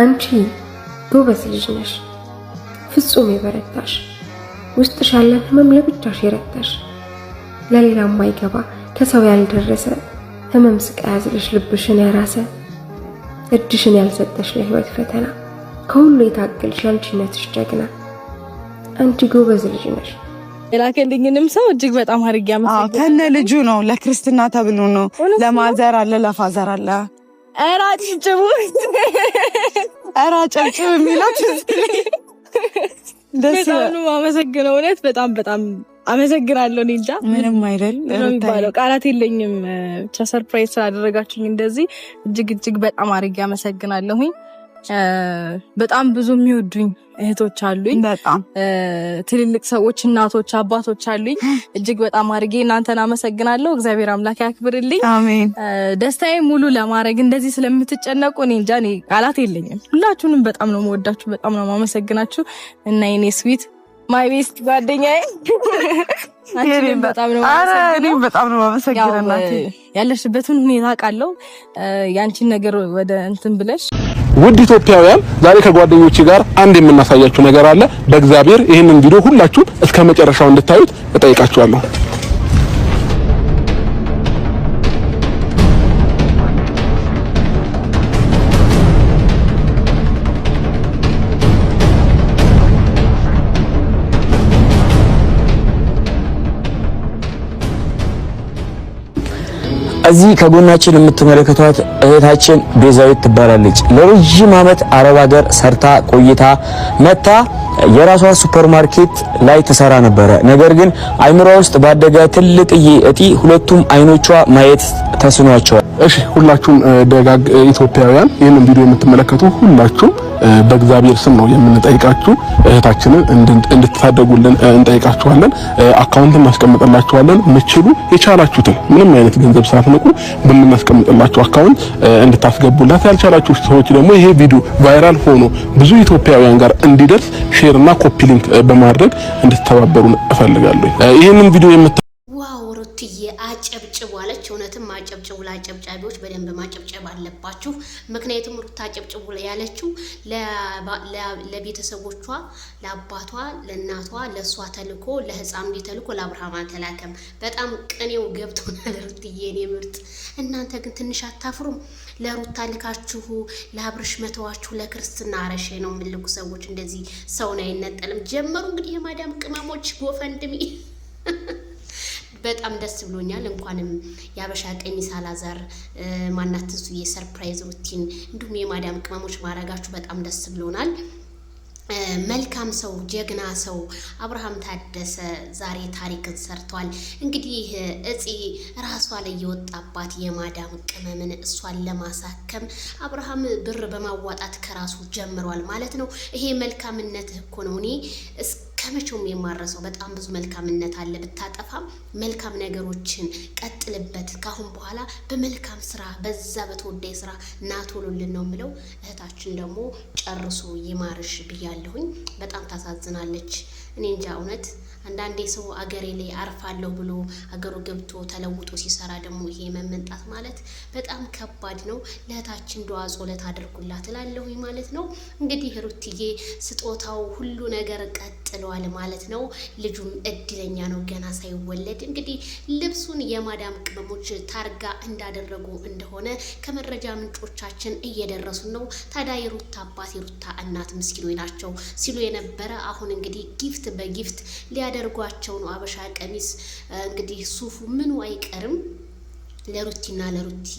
አንቺ ጎበዝ ልጅ ነሽ፣ ፍጹም የበረታሽ ውስጥሽ ያለ ህመም ለብቻሽ የረታሽ ለሌላ ማይገባ ከሰው ያልደረሰ ህመም ስቃ ያዝልሽ ልብሽን ያራሰ እድሽን ያልሰጠሽ ለህይወት ፈተና ከሁሉ የታገልሽ አንቺነትሽ ጀግና አንቺ ጎበዝ ልጅ ነሽ። የላከልኝንም ሰው እጅግ በጣም አድርጌ አመሰግናለሁ። ከነ ልጁ ነው፣ ለክርስትና ተብሎ ነው። ለማዘር አለ፣ ለፋዘር አለ። ራትሽ ጭቡ ኧረ አጨብጭብ የሚለው ትዝ አመሰግነው። እውነት በጣም በጣም አመሰግናለሁ። እኔ እንጃ ምንም አይደል የሚባለው ቃላት የለኝም። ብቻ ሰርፕራይዝ ስላደረጋችሁኝ እንደዚህ እጅግ እጅግ በጣም አድርጌ አመሰግናለሁኝ። በጣም ብዙ የሚወዱኝ እህቶች አሉኝ። በጣም ትልልቅ ሰዎች፣ እናቶች፣ አባቶች አሉኝ። እጅግ በጣም አድርጌ እናንተን አመሰግናለሁ። እግዚአብሔር አምላክ ያክብርልኝ። አሜን። ደስታዬ ሙሉ ለማድረግ እንደዚህ ስለምትጨነቁ እኔ እንጃ እኔ ቃላት የለኝም። ሁላችሁንም በጣም ነው መወዳችሁ፣ በጣም ነው ማመሰግናችሁ እና የኔ ስዊት ማይ ቤስት ጓደኛዬ በጣም ነው ማመሰግናለሁ። ያለሽበትን ሁኔታ ቃለው ያንቺን ነገር ወደ እንትን ብለሽ ውድ ኢትዮጵያውያን ዛሬ ከጓደኞቼ ጋር አንድ የምናሳያችሁ ነገር አለ። በእግዚአብሔር ይህንን ቪዲዮ ሁላችሁም እስከ መጨረሻው እንድታዩት እጠይቃችኋለሁ። እዚህ ከጎናችን የምትመለከቷት እህታችን ቤዛዊት ትባላለች። ለረዥም ዓመት አረብ ሀገር ሰርታ ቆይታ መታ የራሷ ሱፐር ማርኬት ላይ ትሰራ ነበረ። ነገር ግን አይምሯ ውስጥ ባደገ ትልቅዬ እጢ ሁለቱም አይኖቿ ማየት ተስኗቸዋል። እሺ ሁላችሁም ደጋግ ኢትዮጵያውያን ይህንን ቪዲዮ የምትመለከቱ ሁላችሁም በእግዚአብሔር ስም ነው የምንጠይቃችሁ። እህታችንን እንድትታደጉልን እንጠይቃችኋለን። አካውንትን እናስቀምጥላችኋለን። ምችሉ የቻላችሁትን ምንም አይነት ገንዘብ ሳትንቁ በምናስቀምጥላችሁ አካውንት እንድታስገቡላት፣ ያልቻላችሁ ሰዎች ደግሞ ይሄ ቪዲዮ ቫይራል ሆኖ ብዙ ኢትዮጵያውያን ጋር እንዲደርስ ሼርና ኮፒ ሊንክ በማድረግ እንድትተባበሩን እፈልጋለሁ። ይህንን ቪዲዮ ሩትዬ አጨብጭቡ አለች። እውነትም አጨብጭቡ፣ ለአጨብጫቢዎች በደንብ ማጨብጨብ አለባችሁ። ምክንያቱም ሩት አጨብጭቡ ያለችው ለቤተሰቦቿ፣ ለአባቷ፣ ለእናቷ፣ ለእሷ ተልኮ ለህፃን ተልኮ ለአብርሃም አልተላከም። በጣም ቅኔው ገብቶናል ሩትዬ፣ እኔ ምርጥ። እናንተ ግን ትንሽ አታፍሩም? ለሩታ ልካችሁ ለአብርሽ መተዋችሁ ለክርስትና አረሼ ነው የምልኩ ሰዎች። እንደዚህ ሰውን አይነጠልም ጀመሩ። እንግዲህ የማዳም ቅመሞች ጎፈንድሚ በጣም ደስ ብሎኛል። እንኳንም የአበሻ ቀሚስ አላዛር ማናት እሱ የሰርፕራይዝ ሩቲን እንዲሁም የማዳም ቅመሞች ማድረጋችሁ በጣም ደስ ብሎናል። መልካም ሰው ጀግና ሰው አብርሃም ታደሰ ዛሬ ታሪክን ሰርቷል። እንግዲህ እጺ ራሷ ላይ የወጣባት የማዳም ቅመምን እሷን ለማሳከም አብርሃም ብር በማዋጣት ከራሱ ጀምሯል ማለት ነው። ይሄ መልካምነት እኮ ነው እኔ ከመቼውም የማረሰው በጣም ብዙ መልካምነት አለ። ብታጠፋ መልካም ነገሮችን ቀጥልበት። ካሁን በኋላ በመልካም ስራ፣ በዛ በተወዳይ ስራ ናቶሎልን ነው የምለው። እህታችን ደግሞ ጨርሶ ይማርሽ ብያለሁኝ። በጣም ታሳዝናለች። እኔ እንጃ እውነት አንዳንዴ ሰው አገሬ ላይ አርፋለሁ ብሎ አገሩ ገብቶ ተለውጦ ሲሰራ ደግሞ ይሄ መመንጣት ማለት በጣም ከባድ ነው። ለእህታችን ዱዓ ጸሎት አድርጉላት እላለሁኝ ማለት ነው። እንግዲህ ሩትዬ ስጦታው ሁሉ ነገር ቀጥለዋል ማለት ነው። ልጁም እድለኛ ነው ገና ሳይወለድ። እንግዲህ ልብሱን የማዳም ቅመሞች ታርጋ እንዳደረጉ እንደሆነ ከመረጃ ምንጮቻችን እየደረሱ ነው። ታዲያ የሩታ አባት የሩታ እናት ምስኪኖ ናቸው ሲሉ የነበረ አሁን እንግዲህ ጊፍት በጊፍት ሊያደርጓቸው ነው። አበሻ ቀሚስ እንግዲህ ሱፉ ምኑ አይቀርም ለሩቲና ለሩቲ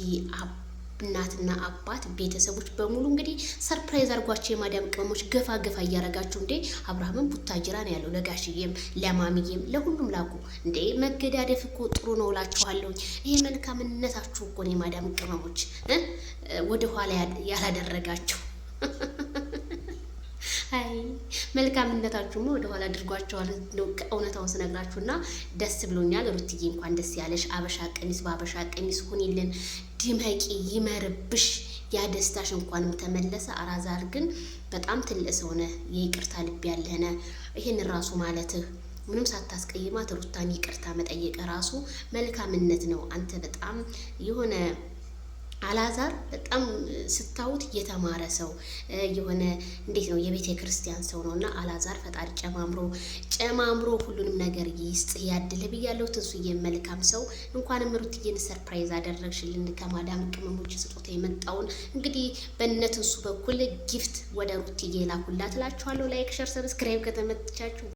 እናትና አባት ቤተሰቦች በሙሉ እንግዲህ ሰርፕራይዝ አድርጓቸው የማዳም ቅመሞች ገፋ ገፋ እያረጋችሁ እንዴ አብርሃምም ቡታጅራ ነው ያለው ለጋሽዬም ለማሚዬም ለሁሉም ላኩ እንዴ መገዳደፍ እኮ ጥሩ ነው እላችኋለሁኝ ይሄ መልካምነታችሁ እኮ ነው የማዳም ቅመሞች ወደኋላ ያላደረጋችሁ መልካምነታችሁም ወደኋላ አድርጓቸዋል ነው እውነታውን ስነግራችሁና ደስ ብሎኛል። ሩትዬ እንኳን ደስ ያለሽ። አበሻ ቀሚስ በአበሻ ቀሚስ ሁኒልን፣ ድመቂ፣ ይመርብሽ። ያ ደስታሽ እንኳንም ተመለሰ። አራዛር ግን በጣም ትልቅ ሰውነ የይቅርታ ልብ ያለነ ይህን ራሱ ማለትህ ምንም ሳታስቀይማት ሩታን ይቅርታ መጠየቅ ራሱ መልካምነት ነው። አንተ በጣም የሆነ አላዛር በጣም ስታዩት የተማረ ሰው የሆነ እንዴት ነው የቤተ ክርስቲያን ሰው ነው እና አላዛር ፈጣሪ ጨማምሮ ጨማምሮ ሁሉንም ነገር ይስጥ ያድል ብያለሁ። ትንሱዬ መልካም ሰው እንኳንም ሩትዬን ሰርፕራይዝ አደረግሽልን። ከማዳም ቅመሞች ስጦታ የመጣውን እንግዲህ በነ ትንሱ በኩል ጊፍት ወደ ሩትዬ ላኩላት እላችኋለሁ። ላይክ ሸር፣ ሰብስክራይብ ከተመቻችሁ